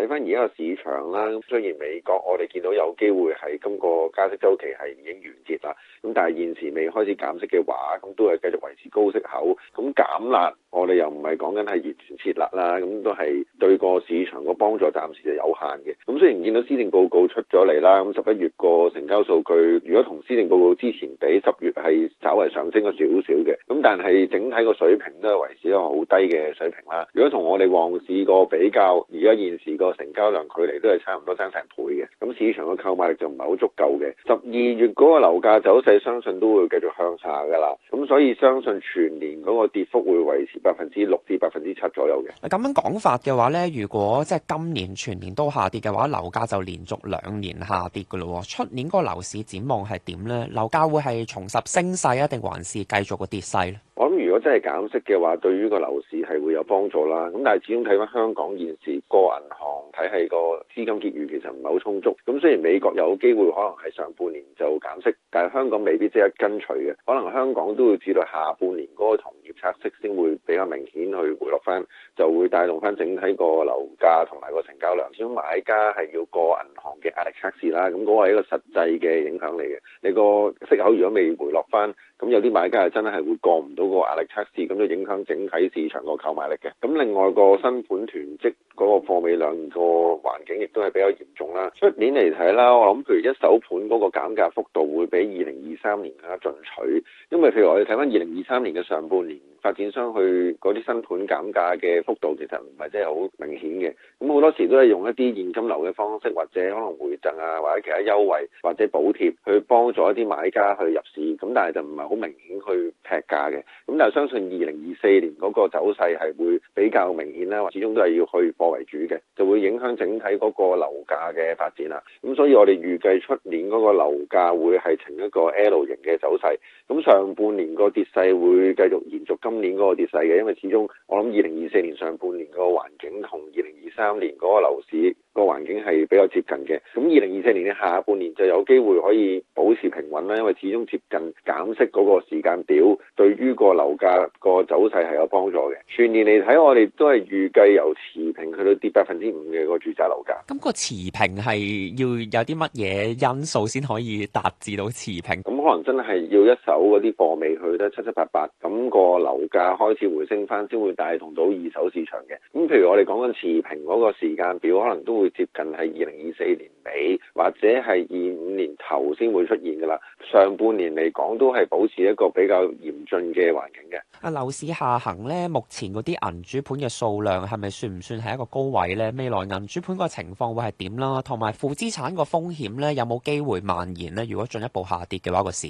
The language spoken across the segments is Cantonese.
睇翻而家個市場啦，雖然美國我哋見到有機會喺今個加息周期係已經完結啦，咁但係現時未開始減息嘅話，咁都係繼續維持高息口，咁減啦。我哋又唔係講緊係完全設立啦，咁都係對個市場個幫助暫時係有限嘅。咁雖然見到施政報告出咗嚟啦，咁十一月個成交數據，如果同施政報告之前比，十月係稍微上升咗少少嘅，咁但係整體個水平都係維持一個好低嘅水平啦。如果同我哋旺市個比較，而家現時個成交量距離都係差唔多爭成倍嘅。市場嘅購買力就唔係好足夠嘅，十二月嗰個樓價走勢相信都會繼續向下噶啦，咁所以相信全年嗰個跌幅會維持百分之六至百分之七左右嘅。咁樣講法嘅話呢，如果即係今年全年都下跌嘅話，樓價就連續兩年下跌噶咯。出年個樓市展望係點呢？樓價會係重拾升勢啊，定還是繼續個跌勢呢？我諗如果真係減息嘅話，對於個樓市係會有幫助啦。咁但係始終睇返香港現時個銀行。睇係個資金結餘其實唔係好充足，咁雖然美國有機會可能係上半年就減息，但係香港未必即刻跟隨嘅，可能香港都要至到下半年嗰個同業拆息先會比較明顯去回落翻，就會帶動翻整體個樓價同埋個成交量。如果買家係要過銀行嘅壓力測試啦，咁嗰個係一個實際嘅影響嚟嘅。你個息口如果未回落翻，咁有啲買家係真係會過唔到個壓力測試，咁就影響整體市場個購買力嘅。咁另外個新盤囤積嗰、那個貨尾量。個環境亦都係比較嚴重啦。出年嚟睇啦，我諗譬如一手盤嗰個減價幅度會比二零二三年更加進取，因為譬如我哋睇翻二零二三年嘅上半年。發展商去嗰啲新盤減價嘅幅度其實唔係真係好明顯嘅，咁好多時都係用一啲現金流嘅方式，或者可能回贈啊，或者其他優惠或者補貼去幫助一啲買家去入市，咁但係就唔係好明顯去劈價嘅，咁但係相信二零二四年嗰個走勢係會比較明顯啦，始終都係要去貨為主嘅，就會影響整體嗰個樓價嘅發展啦。咁所以我哋預計出年嗰個樓價會係呈一個 L 型嘅走勢，咁上半年個跌勢會繼續延續。今年嗰個跌勢嘅，因為始終我諗二零二四年上半年嗰個環境同二零二三年嗰個樓市個環境係比較接近嘅，咁二零二四年嘅下半年就有機會可以保持平穩啦，因為始終接近減息嗰個時間表，對於個樓價個走勢係有幫助嘅。全年嚟睇，我哋都係預計由持平去到跌百分之五嘅個住宅樓價。咁個持平係要有啲乜嘢因素先可以達至到持平？咁可能真係要一手嗰啲貨未去得七七八八，咁個樓價開始回升翻，先會帶動到二手市場嘅。咁譬如我哋講緊持平嗰個時間表，可能都會～會接近係二零二四年尾，或者係二五年頭先會出現噶啦。上半年嚟講，都係保持一個比較嚴峻嘅環境嘅。啊，樓市下行呢，目前嗰啲銀主盤嘅數量係咪算唔算係一個高位呢？未來銀主盤個情況會係點啦？同埋負資產個風險呢，有冇機會蔓延呢？如果進一步下跌嘅話，個市。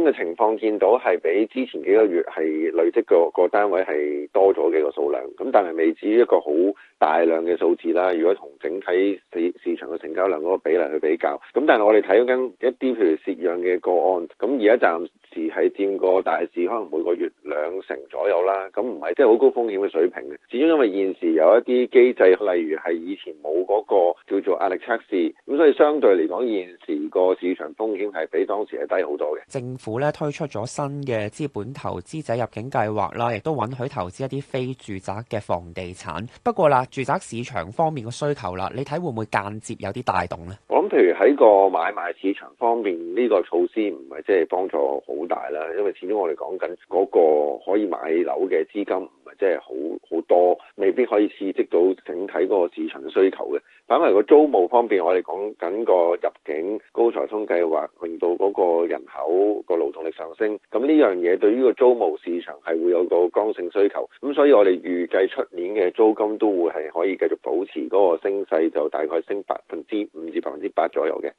咁嘅情況見到係比之前幾個月係累積個個單位係多咗幾個數量，咁但係未至於一個好大量嘅數字啦。如果同整體市市場嘅成交量嗰個比例去比較，咁但係我哋睇緊一啲譬如蝕讓嘅個案，咁而家暫。是係佔過大市可能每個月兩成左右啦，咁唔係即係好高風險嘅水平嘅。始終因為現時有一啲機制，例如係以前冇嗰個叫做壓力測試，咁所以相對嚟講，現時個市場風險係比當時係低好多嘅。政府呢推出咗新嘅資本投資者入境計劃啦，亦都允許投資一啲非住宅嘅房地產。不過啦，住宅市場方面嘅需求啦，你睇會唔會間接有啲帶動呢？譬如喺個買賣市場方面，呢個措施唔係即係幫助好大啦，因為始終我哋講緊嗰個可以買樓嘅資金。即係好好多，未必可以刺激到整體嗰個市場需求嘅。反為個租務方面，我哋講緊個入境高才通計劃，令到嗰個人口個勞動力上升，咁呢樣嘢對於個租務市場係會有個剛性需求。咁所以我哋預計出年嘅租金都會係可以繼續保持嗰個升勢，就大概升百分之五至百分之八左右嘅。